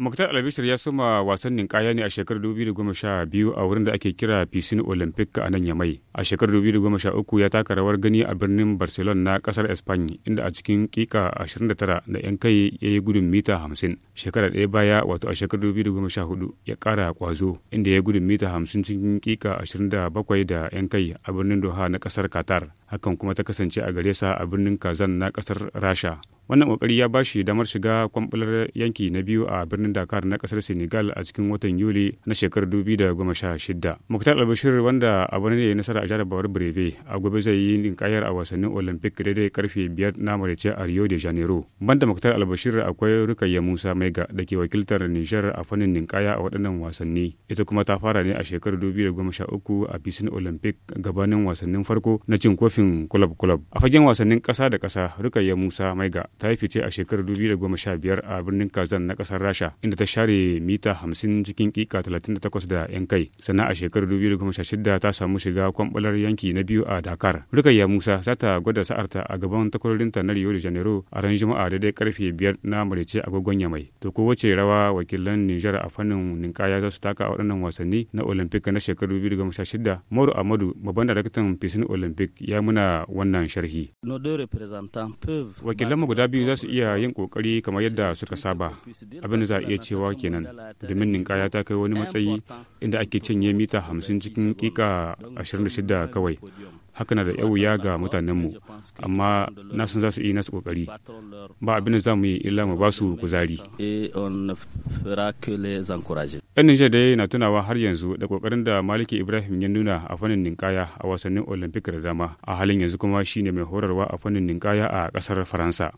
Muktar Albishir ya suma wasan ninkaya ne a shekarar 2012 a wurin da ake kira Pisin Olympic a nan Yamai. A shekarar 2013 ya taka rawar gani a birnin Barcelona na kasar Espany inda a cikin kika 29 da 'yan kai ya yi gudun mita 50. Shekara ɗaya baya wato a shekarar 2014 ya ƙara kwazo inda ya yi gudun mita 50 cikin kika 27 da 'yan kai a birnin Doha na kasar Qatar. Hakan kuma ta kasance a gare sa a birnin Kazan na kasar Rasha. wannan kokari ya bashi damar shiga kwambular yanki na biyu a birnin dakar na kasar senegal a cikin watan yuli na shekarar 2016 muktar albashir wanda abu ne nasara a jarabawar breve a gobe zai yi ninkayar a wasannin olympic daidai karfe biyar na marice a rio de janeiro banda muktar albashir akwai rukayya musa maiga da ke wakiltar nijar a fannin ninkaya a waɗannan wasanni ita kuma ta fara ne a shekarar uku a bisin olympic gabanin wasannin farko na cin kofin kulab kulab a fagen wasannin ƙasa da ƙasa rukayya musa maiga ta yi fice a shekarar 2015 a birnin Kazan na kasar Rasha inda ta share mita 50 cikin kika 38 da 'yan kai. Sannan a shekarar 2016 ta samu shiga kwambalar yanki na biyu a Dakar. Rukayya Musa za ta gwada sa'arta a gaban takwarorinta na Rio de Janeiro a ran Juma'a daidai karfe biyar na Marece agogon Yamai. To ko wace rawa wakilan Nijar a fannin ninkaya za su taka a waɗannan wasanni na Olympic na shekarar 2016? moro Amadu, babban daraktan Fisin Olympic ya muna wannan sharhi. Wakilan mu guda guda biyu za su iya yin kokari kamar yadda suka saba abin da za a iya cewa kenan domin ninkaya ta kai wani matsayi inda ake cinye mita hamsin cikin kika shida kawai haka na da yau ya ga mutanenmu amma na san za su yi nasu kokari ba abin da za mu yi illa mu ba su kuzari yan nijar dai na tunawa har yanzu da kokarin da maliki ibrahim ya nuna a fannin ninkaya a wasannin olympic da dama a halin yanzu kuma shine mai horarwa a fannin ninkaya a kasar faransa